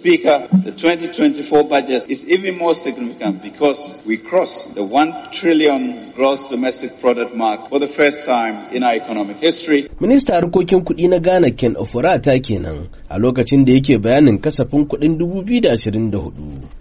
Speaker, the 2024 budget is even more significant because we cross the 1 trillion gross domestic product mark for the first time in our economic history. Minista harkokin kuɗi na Ghana Ken Oforata kenan a lokacin da yake bayanin kasafin kuɗin 2024.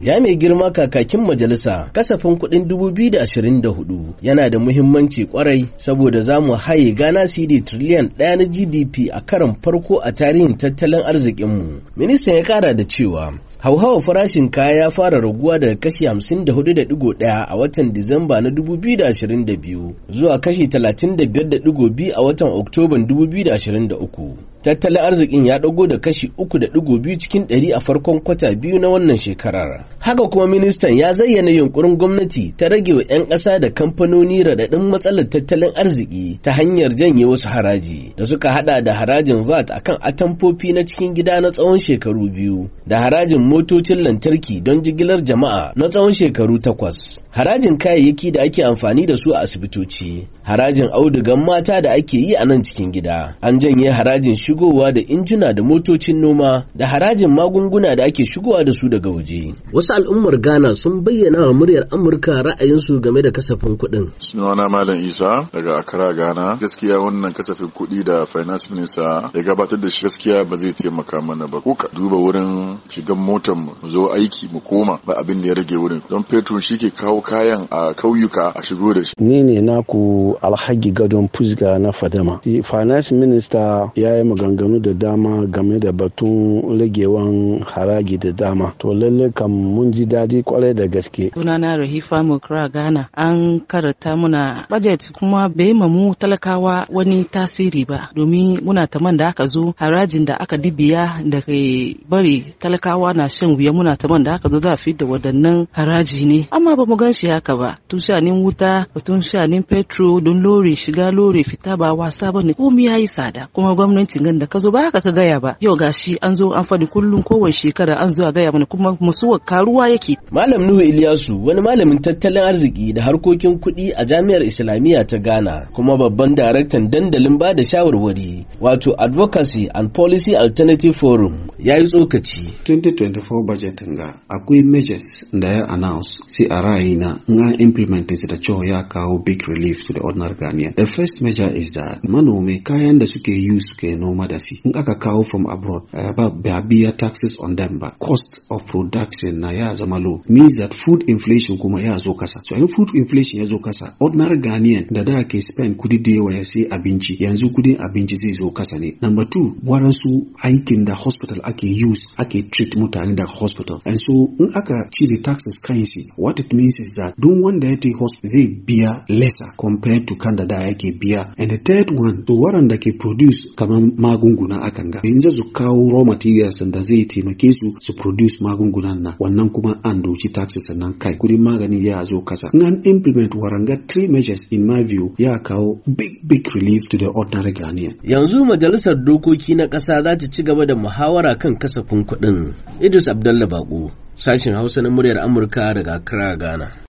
Ya mai girma kakakin majalisa kasafin kuɗin 2024 yana da muhimmanci kwarai saboda za mu haye Ghana CD triliyan ɗaya na GDP a karan farko a tarihin tattalin arzikinmu. Ministan ya kara da cewa cewa hauhawar farashin kaya ya fara raguwa daga kashi 54.1 a watan Disamba na 2022 zuwa kashi 35.2 a watan Oktoban 2023. Tattalin arzikin ya ɗago da kashi 3.2 cikin 100 a farkon kwata biyu na wannan shekarar. Haka kuma ministan ya zayyana yunkurin gwamnati ta rage wa 'yan ƙasa da kamfanoni raɗaɗin matsalar tattalin arziki ta hanyar janye wasu haraji da suka hada da harajin VAT akan atamfofi na cikin gida na tsawon shekaru biyu da da harajin motocin lantarki don jigilar jama'a na tsawon shekaru takwas harajin kayayyaki da ake amfani da su a asibitoci harajin audugan mata da ake yi a nan cikin gida an janye harajin shigowa da injina da motocin noma da harajin magunguna da ake shigowa da su daga waje wasu al'ummar ghana sun bayyana wa muryar amurka ra'ayinsu game da kasafin kuɗin sunana malam isa daga accra ghana gaskiya wannan kasafin kuɗi da finance minister ya gabatar da shi gaskiya ba zai taimaka mana ba ko ka duba wurin shigan motar mu mu zo aiki mu koma ba abin da ya rage wurin don fetur shi ke kawo kayan a kauyuka a shigo da shi. Ni ne naku alhaji gadon fusga na fadama. Finance Minister ya yi maganganu da dama game da batun ragewan haragi da dama. To lalle kam mun ji daɗi kwarai da gaske. Sunana Rahifa Mukra gana an karanta muna budget kuma bai ma mu talakawa wani tasiri ba domin muna taman da aka zo harajin da aka dibiya da ke bari talakawa talakawa na shan wuya muna ta man da haka zo za a da waɗannan haraji ne amma ba mu gan shi haka ba tun shanin wuta tun shanin petro don lore shiga lore fita ba wasa ba ne komi ya yi tsada kuma gwamnatin ganda ka zo ba haka ka gaya ba yau gashi an zo an faɗi kullum kowace shekara an zo a gaya mana kuma musuwar karuwa yake. Malam Nuhu Iliyasu wani malamin tattalin arziki da harkokin kuɗi a jami'ar Islamiyya ta Ghana kuma babban daraktan dandalin ba da shawarwari wato Advocacy and Policy Alternative Forum ya yi tsokaci. 2024 budget ga akwai measures da ya announce sai a ra'ayi in an implement da cewa ya kawo big relief to the ordinary Ghanaian. The first measure is that manome kayan da suke use ke noma da si in aka kawo from abroad eh, ba ba biya taxes on them ba cost of production na ya zama low means that food inflation kuma ya zo kasa. So in food inflation ya zo kasa ordinary Ghanaian da da ke spend kudi da yawa ya sai abinci yanzu kudin abinci zai zo kasa ne. Number two waransu aikin da hospital ake use ake treat mutane daga hospital and so in aka cire taxes currency what it means is that duk wanda ya ce hospital zai biya lesser compared to kan da ke yake biya and the third one to waɗanda ke produce kamar magunguna akan ga yanzu su kawo raw materials da zai taimake su su produce magungunan nan wannan kuma an doci taxes sannan kai kudin magani ya zo kasa in an implement waranga three measures in my view ya kawo big big relief to the ordinary Ghanaian yanzu majalisar dokoki na ƙasa za ta ci gaba da muhawara akan kasafin kuɗin. Idris Abdallah Bako, sashen Hausa na muryar Amurka daga Accra, Ghana.